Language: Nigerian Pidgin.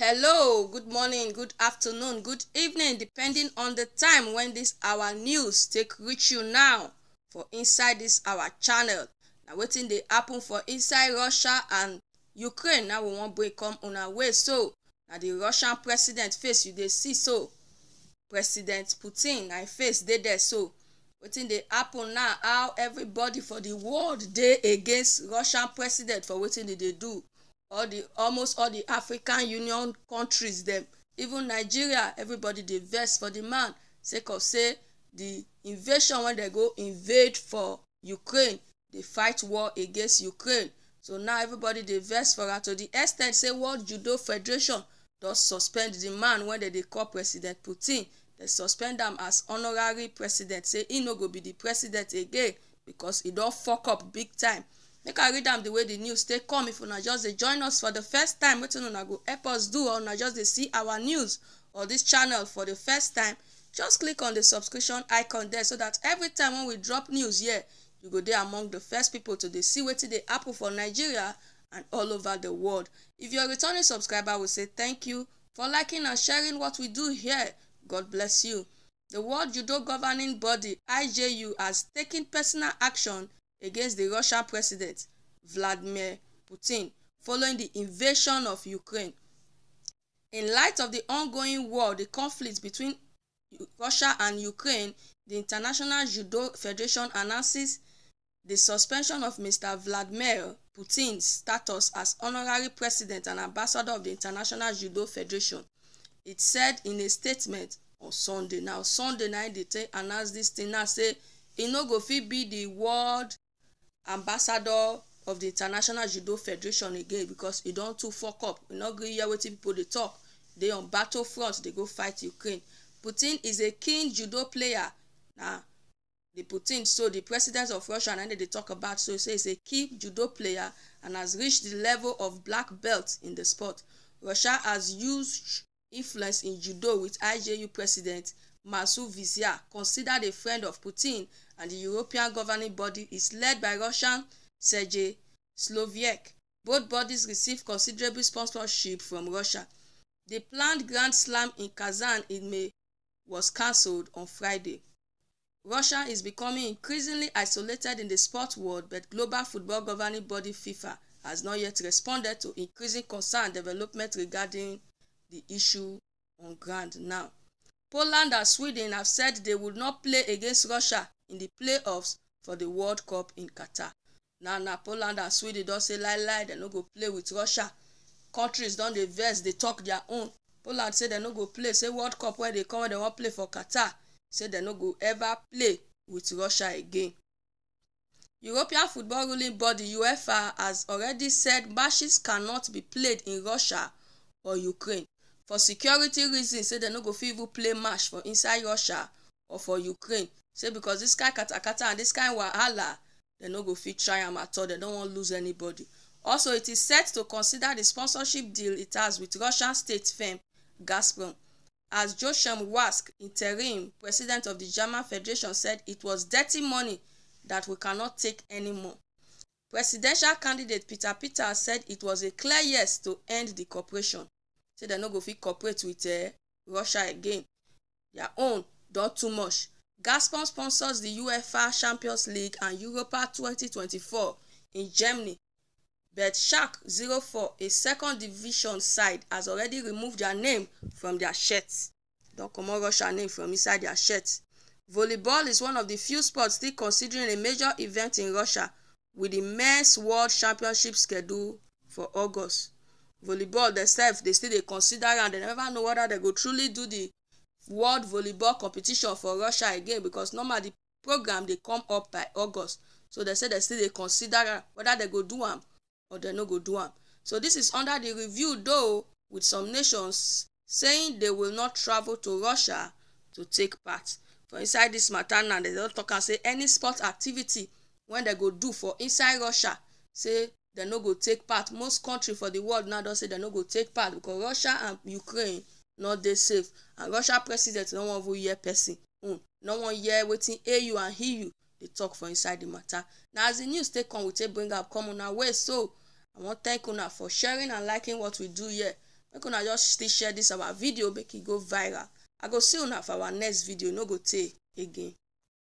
Hello, good morning, good afternoon, good evening, depending on the time when this our news take reach you now for inside this our channel. Now, waiting they happen for inside Russia and Ukraine Now, we wan break come on our way so na the Russian president face you dey see so President Putin I face they there so Waiting they happen now how everybody for the world dey against Russian president for waiting they dey do all the almost all the african union countries dem even nigeria everybody dey vex for the man sake of say the invasion wey dem go invade for ukraine dey fight war against ukraine so now everybody dey vex for am to the ex ten t say world judo federation don suspend the man wey dem dey call president putin dem suspend am as honorary president say e no go be the president again because e don fok up big time make i read am the way the news take come if una just dey join us for the first time wetin una go help us do or una just dey see our news or this channel for the first time just click on the subscription icon there so that every time when we drop news here you go dey among the first people to dey see wetin dey happen for nigeria and all over the world if you're a returning subscriber we say thank you for liking and sharing what we do here god bless you the world judo governing body iju has taken personal action against the Russian president Vladimir Putin following the invasion of Ukraine. In light of the ongoing war, the conflict between Russia and Ukraine, the International Judo Federation announces the suspension of Mr. Vladimir Putin's status as honorary president and ambassador of the International Judo Federation. It said in a statement on Sunday. Now, Sunday night, they announced this thing now, say e no go fit be the world ambassador of the international judo federation again because e don too fuck up e no gree hear wetin pipo dey talk. dey on battle front dey go fight ukraine putin is a keen judo player na di putin so di president of russia na dem dey tok about so say is a keen judo player and has reached di level of black belt in di sport russia has used influence in judo with iju president masu vizia considered a friend of putin and the European governing body is led by Russian Sergei Sloviek. Both bodies received considerable sponsorship from Russia. The planned Grand Slam in Kazan in May was cancelled on Friday. Russia is becoming increasingly isolated in the sport world, but global football governing body FIFA has not yet responded to increasing concern development regarding the issue on ground now. Poland and Sweden have said they would not play against Russia in the playoffs for the world cup in qatar na na poland and sweden don say lie lie dem no go play with russia countries don dey vex dey talk their own poland say dem no go play say world cup wey dey come wey dem wan play for qatar say dem no go ever play with russia again european football ruling body uefa has already said matches cannot be played in russia or ukraine for security reasons say dem no go fit even play match for inside russia or for ukraine say becos dis kain katakata and this kain wahala dem no go fit try am at all dem don wan lose anybody also it is set to consider the sponsorship deal it has with russian state firm gazprom as joshem wask interim president of the german federation said it was dirty money that we cannot take anymore presidential candidate peter peter said it was a clear yes to end the cooperation say dem no go fit cooperate with uh, russia again Their own don too much Gazprom sponsors the UEFA Champions League and Europa 2024 in Germany, but Schalke 04, a second division side, has already removed their name from their shirts. Don't come on, Russia name from inside their shirts. Volleyball is one of the few sports still considering a major event in Russia with the men's world championship scheduled for August. Volleyball themselves, they still they consider and they never know whether they go truly do the world volleyball competition for russia again because normally di programme dey come up by august so they say they still dey consider whether they go do am or they no go do am so this is under the review though with some nations saying they will not travel to russia to take part for inside this mata now dem don tok am say any sport activity wey they go do for inside russia say they no go take part most kontri for the world now don say they no go take part because russia and ukraine not dey safe and russia president no wan even hear pesin own hmm. no wan hear wetin au and eu dey talk for inside di mata na as di news take come we take bring am come una way so i wan thank una for sharing and liking what we do here make una just still share dis our video make e go viral i go see una for our next video e no go tey again